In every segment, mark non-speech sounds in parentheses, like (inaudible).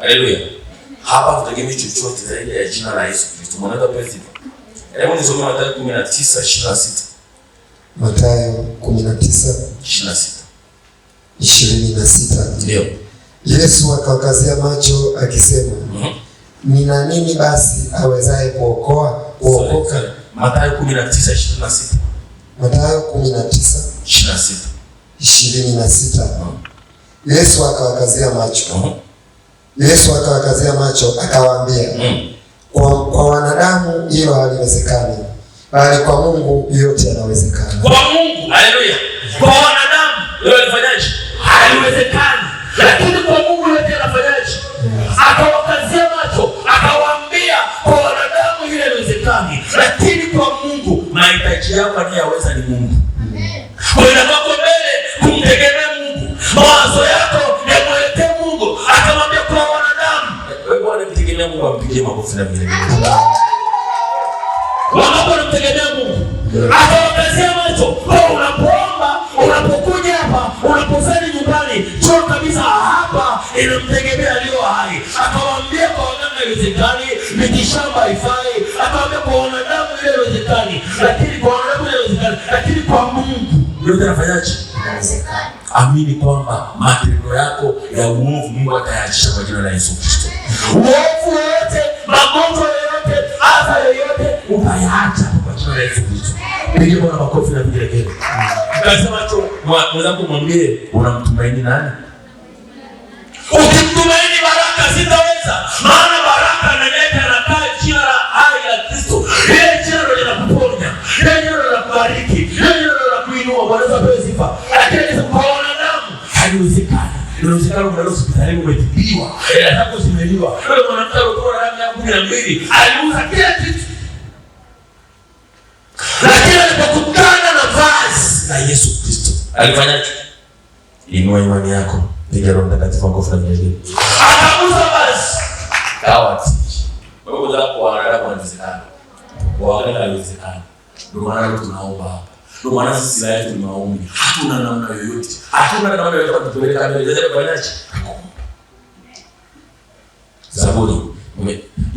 Haleluya. Hapa tutegemea chochote zaidi ya jina la Yesu Kristo. Mwanadamu pia sifa. Hebu nisome Mathayo 19:26. Mathayo 19:26. 26. Ndio. Yesu akawakazia macho akisema, mm -hmm. Nina nini basi awezaye kuokoa kuokoka? Mathayo 19:26. Mathayo 19:26. 26. Mhm. Yesu akawakazia macho. Mm -hmm. Yesu akawakazia macho akawaambia, mm. kwa, kwa wanadamu hilo haliwezekani, bali kwa Mungu yote yanawezekana. Kwa Mungu, haleluya! Kwa wanadamu yote yanafanyaje? Haliwezekani, lakini kwa Mungu yote yanafanyaje? Akawakazia macho akawaambia, kwa wanadamu hilo haliwezekani, lakini kwa Mungu mahitaji yako anayeweza ni Mungu. Amen. Mm. Kwa kwako mbele kumtegemea Mungu, mawazo yako wanamtegemea Mungu, ampigie makofi na vigelegele. Wangapi wanamtegemea Mungu? Atawaangazia macho. Wewe oh, unapoomba, unapokuja hapa, unaposali nyumbani, choo kabisa hapa inamtegemea aliyo hai. Akawaambia kwa waganga haiwezekani, miti shamba haifai. Akawaambia kwa wanadamu ile haiwezekani, lakini kwa wanadamu ile haiwezekani, lakini kwa Mungu yote anafanyaje? Amini kwamba matendo yako ya uovu Mungu atayaachisha kwa jina la Yesu Kristo. Uovu yoyote, magonjwa yote, afya yote utayaacha kwa jina la Yesu Kristo. Pige Bwana makofi na vigelegele. Ukasema cho mwenzako mwambie unamtumaini nani? Ukimtumaini baraka sitaweza, maana baraka tangu mwanadamu hospitalini umetibiwa. Hela zako zimeliwa. Wewe mwanamke alitoa damu ya kumi na mbili, aliuza kila kitu. Lakini alipokutana na vazi la Yesu Kristo, alifanyaje? Inua imani yako. Piga Roho Mtakatifu kwa nguvu na unyenyekevu. Akauza vazi. Kawa tiki. Wewe unataka kuwa wanadamu wanawezekana. Kwa wakati hawezekani. Ndio maana tunaomba hapa. Ndio maana sisi sala yetu ni maombi. Hatuna namna yoyote. Hatuna namna yoyote ya kutupeleka mbele. Sasa kwa nini? Zaburi.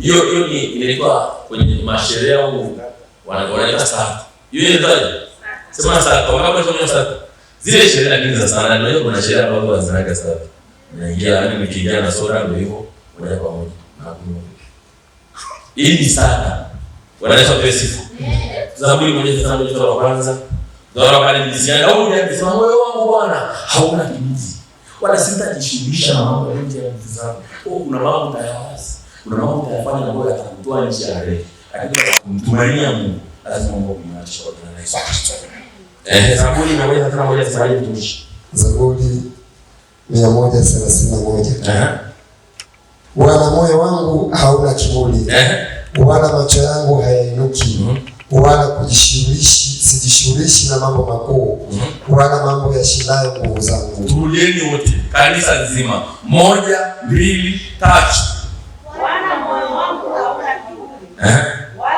Hiyo hiyo ni ilikuwa kwenye masheria au wanaita sala. Hiyo ni inaitwa sema sala. Kwa sababu tunasema sala. Zile sheria nyingi za sala ndio kuna sheria ambazo wanazinaga sala. Unaingia yani mkiingia na soda ndio hivyo moja kwa moja. Hii ni sala. Wanaita pesifu. Zaburi moja Zaburi mstari wa kwanza. Ndio pale nilisikia Daudi akisema moyo wangu Bwana hauna kimizi. Wala sitajishughulisha na mambo ya nje ya nguvu zangu. Kwa kuna mambo tayari. Kuna mambo tayari na Bwana atakutoa nje ya rehe. Lakini kumtumainia Mungu lazima Mungu kumwacha kwa jina Yesu Kristo. Eh, Zaburi inaweza tena moja Zaburi tuishi. Zaburi mia moja thelathini na moja. Wala moyo wangu hauna kiburi. Wala macho yangu hayainuki. mm -hmm wala kujishughulishi, sijishughulishi na mambo makuu wala mambo ya shindayo nguvu zangu. Tulieni wote kanisa nzima, moja, mbili, tatu. Eh? Wala wangu eh? wala yangu mambo makuu hmm?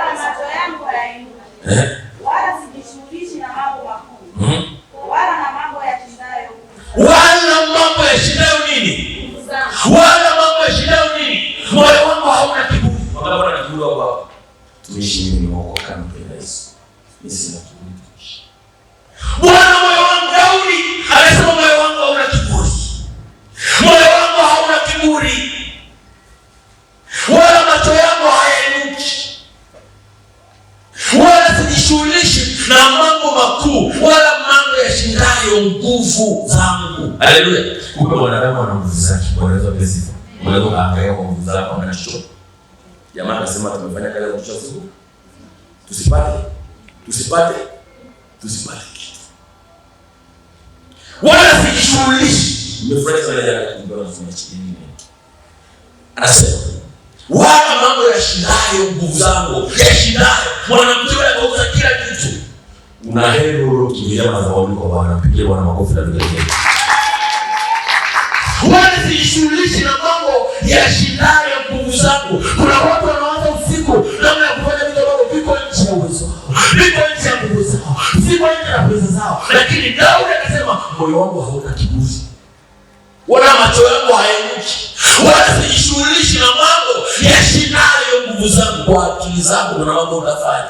nini? wala mambo nini? moyo wangu hauna kiburi, mpenda Yesu nisina kuishi. Bwana, moyo wangu Daudi anasema moyo wangu hauna kiburi, moyo wangu hauna kiburi, wala macho yangu hayainuki, wala sijishughulishi na mambo makuu, wala mambo yashindayo nguvu zangu. Haleluya! Kumbe mwanadamu ana nguvu zake, unaweza pesa, unaweza kaangalia nguvu zako na Jamaa anasema tumefanya kazi za kuchosha Tusipate tusipate tusipate kitu wala sijishughulishi. Nimefurahi sana anasema wala mambo yashindayo nguvu zangu, yashindayo mwanamke kila kitu. kwa Bwana, Bwana makofi na Wala sijishughulishi na mambo yashindayo nguvu zangu. Kuna watu wanaanza usiku na nguvu zao, liko nje ya nguvu zao, ziko nje na pesa zao. Lakini Daudi akasema, moyo wangu hauna kiburi, wala macho yangu hayanuki, wala sijishughulishi na mambo yashindayo nguvu zangu. Kwa akili zangu kuna mambo utafanya.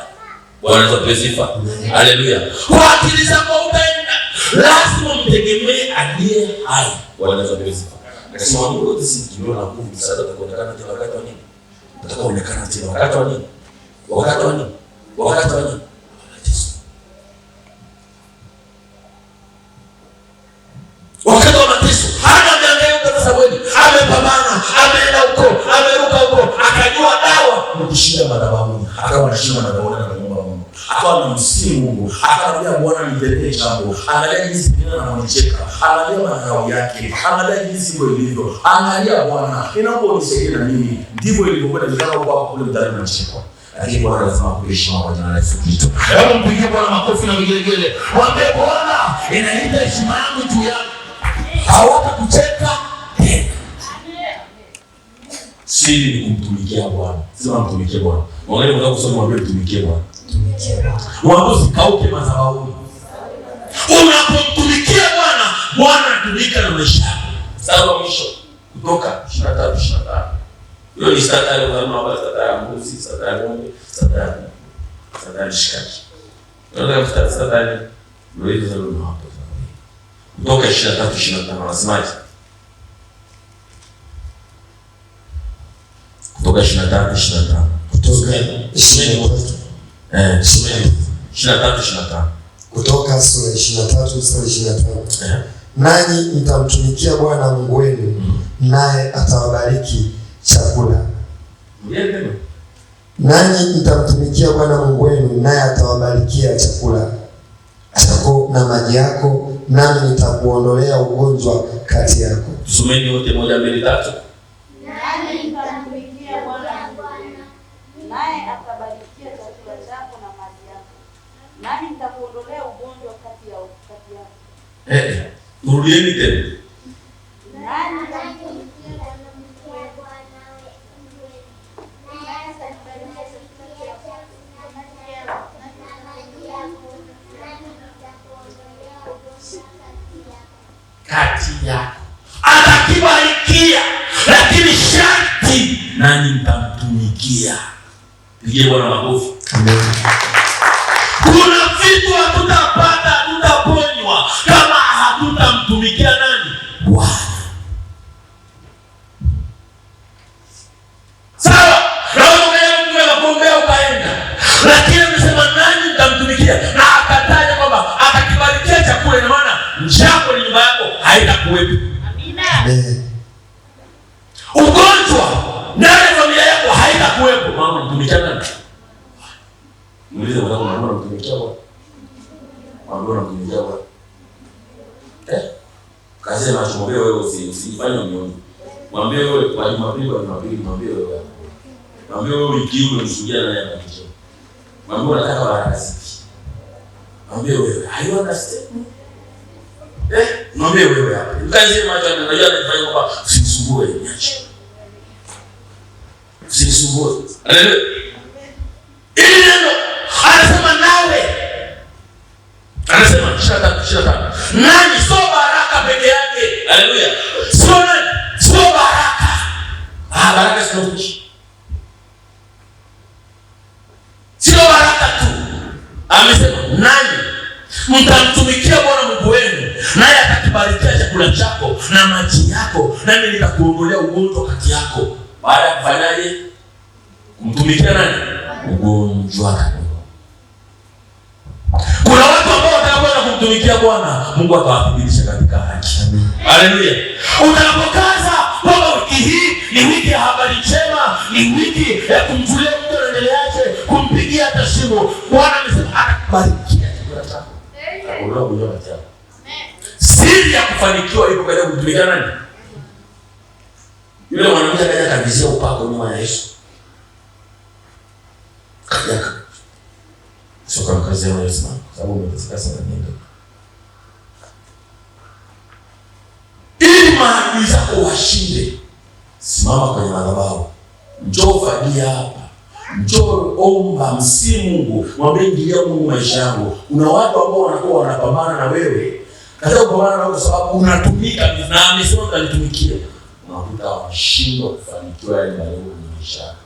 Bwana apewe sifa, haleluya. Kwa akili zako utaenda, lazima mtegemee aliye hai. Bwana apewe sifa. Wakati wa nini? wakati wa mateso, wakati wa mateso. Hana ameangaika kwa Samweli, amepambana, ameenda huko, ameruka huko, akajua dawa ni kushinda madhabahuni, akawa anashinda madhabahuni, anamuomba Mungu, akawa anamsihi Mungu, akamwambia Bwana, nitetee jambo. Angalia jinsi Penina anamcheka, angalia madharau yake, angalia jinsi hivyo ilivyo, angalia Bwana, inaomba unisaidie na mimi. Ndivyo ilivyokuwa inajulikana kwako kule mtaani Machekwa lakini Bwana anasema kuishi pamoja na Yesu Kristo. Hebu mpigie Bwana makofi na vigelegele, mwambie Bwana, inaenda heshima yangu juu yako, hawatakucheka tena. Siri ni kumtumikia Bwana, sema mtumikie Bwana. Mwangalie mwanao kusoma, mwambie mtumikie Bwana, mtumikie Bwana, mwambie usikauke madhabahuni. Unapomtumikia Bwana, Bwana anatumika na maisha yako. Sasa mwisho, Kutoka 23:25 hiyo ni sadaka ya wanyama kama mbuzi, sadaka ya ng'ombe, sadaka sadaka ya mshikaki. Tunaona mstari sadaka ndio hapo. Kutoka 23 25 wanasemaje? Kutoka 23 25. Kutoka 23 eh, 23 25. Kutoka sura 23 mstari 25. Eh. Nanyi mtamtumikia Bwana Mungu wenu, mm. naye atawabariki chakula. Nanyi mtamtumikia Bwana Mungu wenu, naye atawabarikia chakula chako na maji yako, nami nitakuondolea ugonjwa kati yako. Tusomeni wote moja mbili tatu. Turudieni eh, eh, tena. kati yako, atakibarikia lakini sharti nani mtamtumikia. Pigie Bwana makofi. Kuna vitu hatutapata mwambie unamjengea bwana. Eh? kazi na chombe wewe usifanye unyonge. Mwambie wewe kwa Jumapili kwa Jumapili mwambie wewe. Mwambie wewe wiki hii unamshuhudia na yeye anacho. Mwambie unataka warasiki, Mwambie wewe, I understand. Eh, mwambie wewe hapa. Mkazie macho na najua anajifanya kwamba usisumbue niache. Usisumbue. Haleluya. Nani? Sio baraka peke yake. Haleluya. Sio nani? Sio baraka. Ah, baraka sio uchi. Sio baraka tu. Amesema nani? Mtamtumikia Bwana Mungu wenu naye atakibarikia chakula chako na maji yako, nami nitakuondolea ugonjwa kati yako. Baada ya kufanyaje? Kumtumikia nani? Ugonjwa. Kuna watu ambao kumtumikia Bwana, Mungu atawathibitisha katika haki. Haleluya! Unapokaza kwamba wiki hii ni wiki ya habari njema, ni wiki ya kumjulia mtu mbele yake, kumpigia hata shimo, Bwana amesema atakubarikia chakula chako. Siri ya kufanikiwa iko katika kumtumikia nani? Yule mwanamke akaja kavizia upako nyuma ya Yesu. Kajaka. Sio kama kazi ya Yesu, sababu umeteseka sana ndio. lazima adui zako washinde. Simama kwenye madhabahu, njoo fagia hapa, njoo omba, msi Mungu, mwambie ingilia Mungu maisha yangu. Kuna watu ambao wanakuwa wanapambana na wewe katika kupambana nao, kwa sababu unatumika na amesema utanitumikia, unakuta wameshindwa kufanikiwa yale malengo ya maisha yako.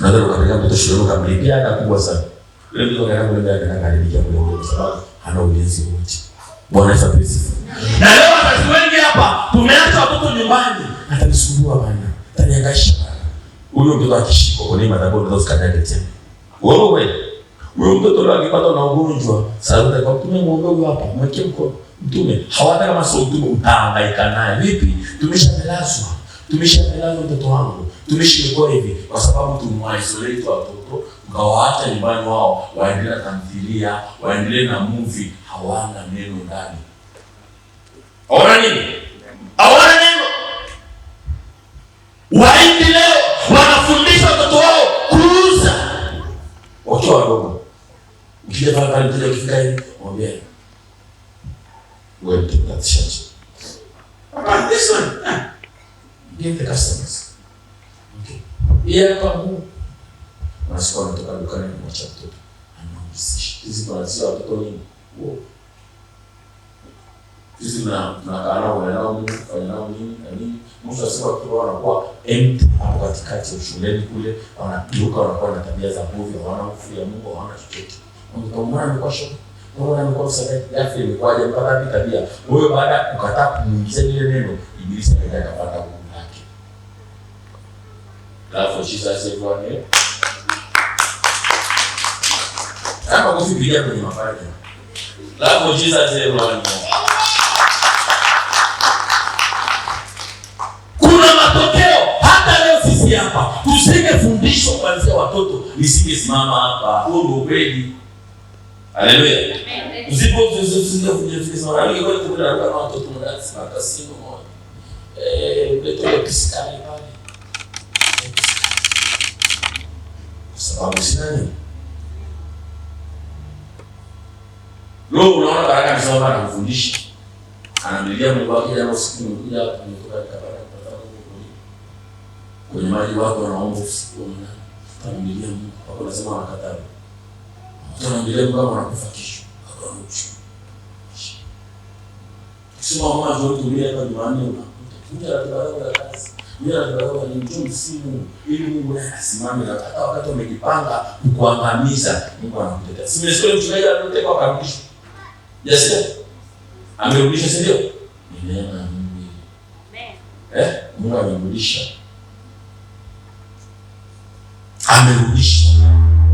Naweza kukapeleka mtoto shuleni ukamlipia ada kubwa sana, ule mtoto kaenda kule ndani anakaribika kule, kwa sababu hana ulinzi wote. Bwana Yesu asifiwe. Na leo wazazi wengi hapa tumeacha watoto nyumbani, atanisumbua bana, ataniangaisha bana. Huyo mtoto akishika kwa nini madhabahu ndio usikanyage tena. Wewe wewe. Huyo mtoto leo akipata na ugonjwa, sasa kwa mtume muondoe hapa, mweke mko mtume. Hawata kama sio mtume utahangaika naye. Vipi? Tumeshamelazwa. Tumeshamelazwa mtoto wangu. Tumeshikwa hivi kwa sababu tumwaisolate watoto mkawaacha nyumbani wao waendelee na tamthilia, waendelee na movie, hawana neno ndani. Aona nini? Aona neno. Waindi leo wanafundisha watoto wao kuuza wakiwa wadogo. Mkija pale pale mteja ukifika hivi, mwambie wewe ndio chanzo. Hapa this one. Give the customers. Okay. Yeye hapa huu. Unasikia anatoka dukani mmoja mtoto. Anamhusisha. Hizi kwa watoto wengi. Wow sisi na nao kwenye nao na kufanya na nini. Mwisho wa siku wakiwa wanakuwa empty hapo katikati ya shuleni kule, wanapiuka wanakuwa na tabia za nguvu, hawana hofu ya Mungu, hawana chochote. Mwana amekuwa shoka, mwana amekuwa msaidizi, ghafla imekuwaje mpaka hii tabia? Wewe baada kukataa kumuingiza ile neno, ibilisi anaenda kupata nguvu yake. Therefore Jesus said one day kama kufikiria kwenye mafanya. Therefore Jesus said one tusingefundishwa kuanzia watoto, nisingesimama hapa. Huo ndio ukweli. Haleluya! Leo unaona baraka ni na kufundisha. Anamlilia Mungu wake jana usiku nimekuja hapa nimetoka kwenye maji wako wanaomba usiku wanamlilia Mungu, wako lazima wanakataza, wanamlilia Mungu kama wanakufa kesho, wako wanakufa mama ndio kulia hapa Jumanne, unakuta kuja ratiba yako ya kazi bila ratiba yako ni mtu msimu, ili Mungu naye asimame, na hata wakati umejipanga kukuangamiza Mungu anakutetea. simesikia mmesikia mchungaji aliyotekwa akarudishwa, jaskia amerudishwa, si ndio? Ni neema ya Mungu. amen Eh, Mungu amerudisha amerudishwa.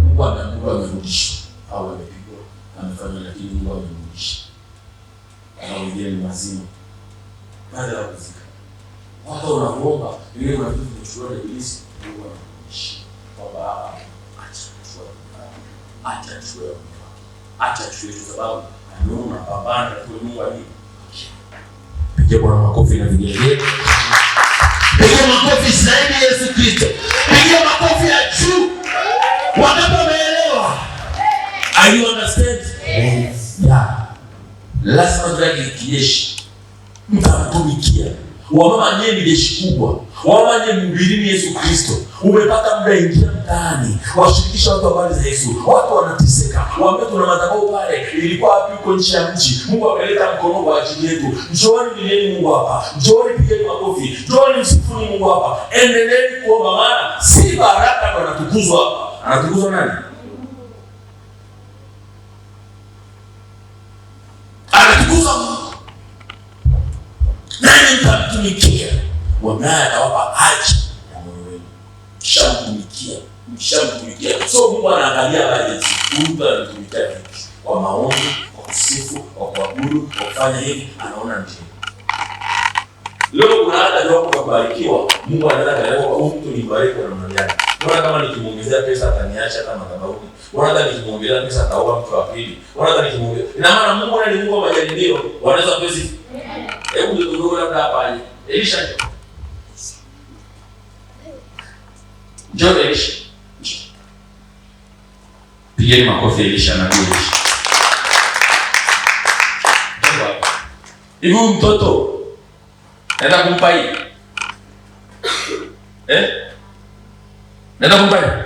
Mungu anaambiwa amerudishwa, au amepigwa amefanya, lakini Mungu amerudisha. Anarudia ni mazima baada ya kuzika, hata unaomba ile majibu kuchukua na Ibilisi, Mungu anarudisha acha kuchukua, acha kuchukua, acha kuchukua, sababu anaona na Mungu aliye Bwana makofi na vigelegele, makofi Yesu Kristo. Piga makofi ya juu wakati umeelewa. Are you understand? Yes. Yeah. Lazima tuweke kijeshi. Mtamtumikia. Wamama nyie ni jeshi kubwa wamanye mbilini Yesu Kristo. Umepata muda, ingia mtaani, washirikisha watu habari za Yesu. Watu wanateseka, waambie tuna madhabahu pale, ilikuwa wapi Uko nchi ya mji. Mungu ameleta mkono kwa ajili yetu. Njooni lilieni Mungu hapa, njooni pigeni makofi, njooni msifuni Mungu hapa, endeleni kuomba, maana si baraka ndo anatukuzwa hapa. Anatukuzwa nani? Anatukuzwa nani? Mtamtumikia Bwana anawapa haja ya moyo wenu, kishamtumikia kishamtumikia. So Mungu anaangalia bajeti, Mungu anatumikia vipi? Kwa maombi, kwa kusifu, kwa kuabudu, kwa kufanya hivi, anaona njia. Leo kuna hata leo kwa kubarikiwa, Mungu anaweza kaelewa kwa huyu mtu ni mbariki kwa namna gani. Bwana kama nikimuongezea pesa ataniacha hata madhabahuni. Bwana hata nikimuongezea pesa ataoa mtu wa pili. Bwana hata nikimuongezea. Ina maana Mungu ni Mungu wa majaribio. Wanaweza kwezi. Hebu ndio ndio labda hapa. Elisha Njoo Elisha. Pigeni makofi Elisha na Elisha. Hivi mtoto naenda kumpa hii? Eh? Naenda kumpa hii?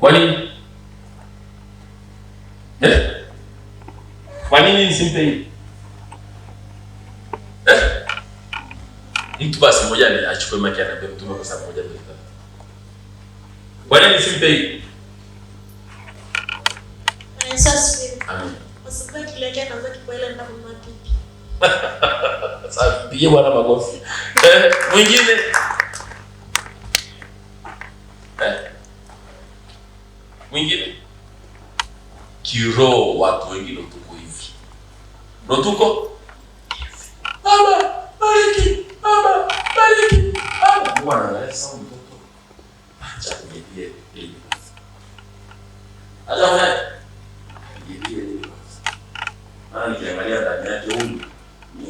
Kwa nini? Eh? Kwa nini nisimpe hii? Eh? Mtu basi mmoja ni achukue maki anaambia mtume kwa sababu moja ndio kwa nini simpe hii? Eh, sasa (laughs) pige bwana makofi. Eh, mwingine. Eh. Mwingine. Kiroho watu wengi ndo tuko hivi. ndo tuko? Baba, bariki. Baba, bariki. Baba, bwana, sawa. Jijie elimu hata wewe jijie elimu maana nikiangalia ndani yake huyu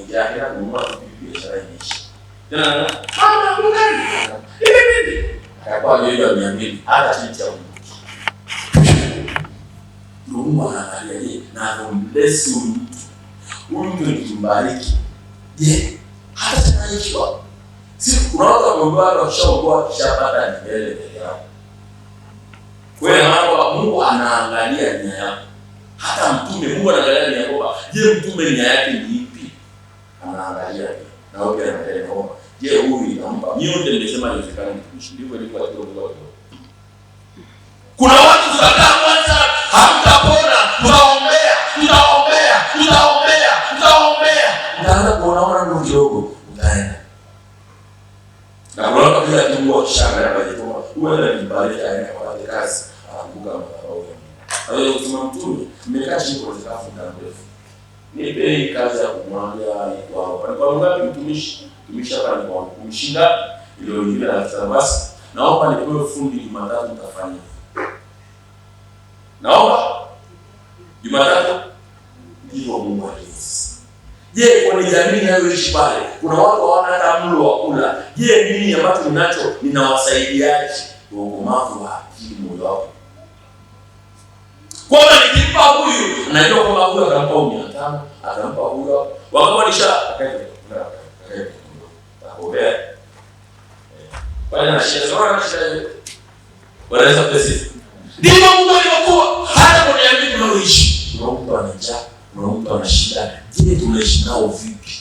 ni yake na kumwa biashara ishi tena na mama hivi hivi akakuwa yeye ndio miamini hata kitu cha Mungu Mungu anaangalia yeye na anambless mtu huyu mtu nikimbariki je hata tena ikiwa Si unaanza mgombano ukishaokoa ukishapata nywele mbele yako. Wewe hapo Mungu anaangalia nia yako. Hata mtume Mungu anaangalia nia yako. Je, mtume nia yake ni ipi? Anaangalia. Na wewe pia anaangalia kwamba je, huyu inampa. Mimi ndio nimesema inawezekana nikushindwe ilikuwa kwa kwa. Kuna watu tukakaa kwanza hamta ile kazi ya kumwambia kumwaga kwao. Alikuwa ngapi mtumishi? Mtumishi hapa ni kwa kumshinda ile ile na sasa basi. Naomba nipewe fundi Jumatatu nitafanya. Naomba Jumatatu ndio Mungu alivyosema. Je, kwa ni jamii ninayoishi pale kuna watu hawana hata mlo wa kula. Je, mimi ambacho ninacho ninawasaidiaje? mafu wa akili moyo wako. Kwa nini kipa huyu? Anajua kwamba huyu atampa tano akampa huyo, wakamwalisha wanaweza pesi. Ndipo Mungu alipokuwa hata kuniambia tunaishi, tunaomba na njaa, tunaomba na shida. Je, tunaishi nao vipi?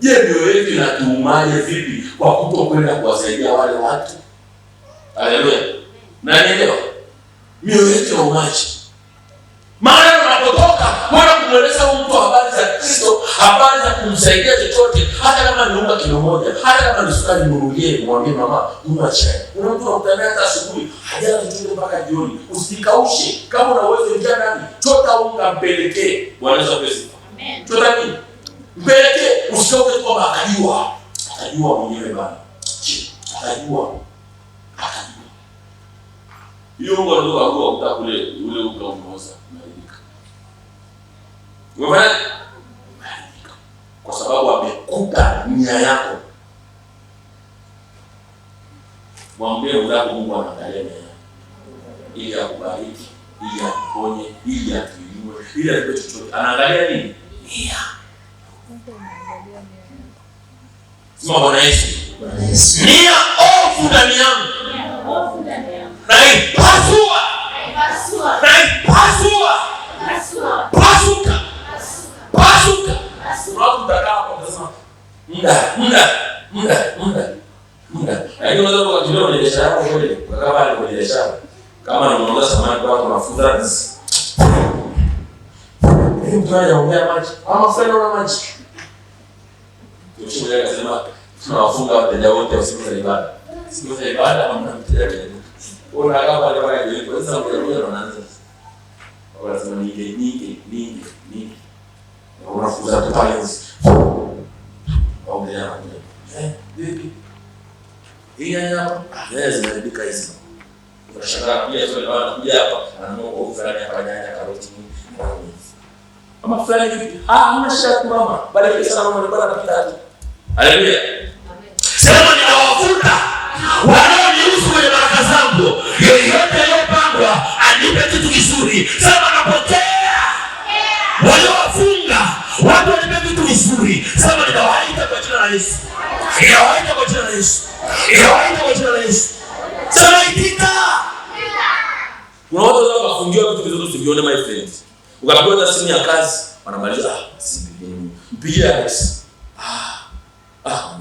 Je, mioyo yetu inatuumaje vipi kwa kutokwenda kuwasaidia wale watu? Haleluya, nanielewa mioyo yetu ya habari za kumsaidia chochote, hata kama niunga kilo moja, hata kama ni sukari, mnunulie, mwambie mama, unywa chai. Kuna mtu anakutania hata asubuhi, ajana tutunde mpaka jioni, usikaushe. Kama una uwezo, njia ndani, chota unga, mpelekee. Bwana Yesu asifiwe. Amen. Chota nini? Mpelekee, usioke tu kwamba akajua, akajua mwenyewe bana, akajua hiyo unga ndio unga utakule ule unga unaoza umeharibika. Wewe nia yako, mwambie ulako Mungu anaangalia nia yako, ili akubariki, ili akuponye, ili akuinue, ili akupe chochote. Anaangalia nini? Nia. Sema Bwana Yesu, nia ovu ndani yangu naipasua, naipasua, pasuka, pasuka, pasuka muda muda muda muda muda. Lakini unaweza kujiona kwenye biashara yako kweli, kama ni kwenye biashara, kama ni mwanzo samani kwa watu mafuta hizi. Hebu tuaje ongea maji. Ama sasa na maji. Tuchukue ile sema tunawafunga wateja wote usiku za ibada. Siku za ibada hamna mteja mmoja. Ona kama ile bana ile kwa sababu ya moyo unaanza. Kwa sababu ni nige nige nige nige. Unafuza tutayenzi waongelea maneno eh, vipi hii nyanya ah, zimeharibika hizi. Unashangaa pia sio ndio? Anakuja hapa ananunua kwa fulani hapa nyanya, karoti na nini, fulani vipi? Ah, hamna shida mama, bali pesa na mama nilikuwa napita tu. Haleluya, sema ninawavuta wanaonihusu kwenye baraka zangu, yeyote aliyopangwa anipe kitu kizuri, sema napokea adui. Sema ninawaita kwa jina la Yesu, ninawaita kwa jina la Yesu, ninawaita kwa jina la Yesu. Sema itika. Kuna watu ambao wafungiwa vitu vizuri usivione, my friends. Ukapewa hata simu ya kazi, wanamaliza simu. Mpigie Alex. Ah. Ah.